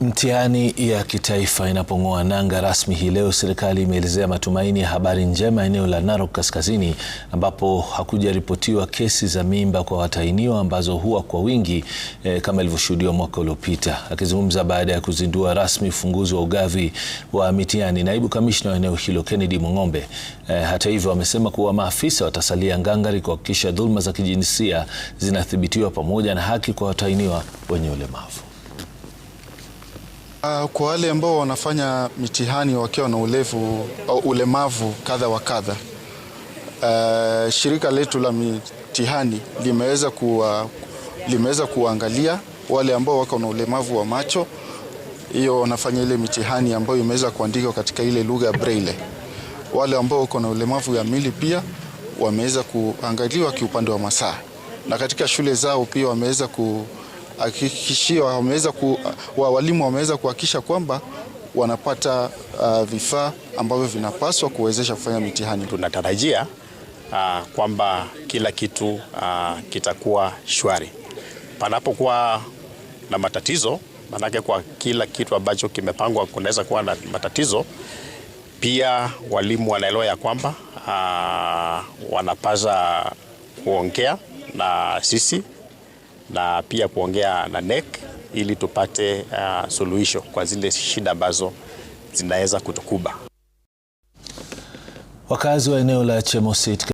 Mtihani ya kitaifa inapong'oa nanga rasmi hii leo, serikali imeelezea matumaini ya habari njema eneo la Narok Kaskazini, ambapo hakujaripotiwa kesi za mimba kwa watahiniwa ambazo huwa kwa wingi eh, kama ilivyoshuhudiwa mwaka uliopita. Akizungumza baada ya kuzindua rasmi ufunguzi wa ugavi wa mitihani, naibu kamishna wa eneo hilo Kennedy Mung'ombe, eh, hata hivyo, amesema kuwa maafisa watasalia ngangari kuhakikisha dhuluma za kijinsia zinathibitiwa pamoja na haki kwa watahiniwa wenye ulemavu. Ah, kwa wale ambao wanafanya mitihani wakiwa na ulevu, ulemavu kadha wa kadha, uh, shirika letu la mitihani limeweza kuwa, limeweza kuangalia wale ambao wako na ulemavu wa macho, hiyo wanafanya ile mitihani ambayo imeweza kuandikwa katika ile lugha ya braille. Wale ambao wako na ulemavu ya mili pia wameweza kuangaliwa kiupande wa masaa, na katika shule zao pia wameweza ku wameweza ku, wa walimu wameweza kuhakikisha kwamba wanapata uh, vifaa ambavyo vinapaswa kuwezesha kufanya mitihani. Tunatarajia uh, kwamba kila kitu uh, kitakuwa shwari, panapokuwa na matatizo manake kwa kila kitu ambacho kimepangwa kunaweza kuwa na matatizo. Pia walimu wanaelewa ya kwamba uh, wanapaswa kuongea na sisi na pia kuongea na NEC ili tupate uh, suluhisho kwa zile shida ambazo zinaweza kutukuba wakazi wa eneo la Chemosit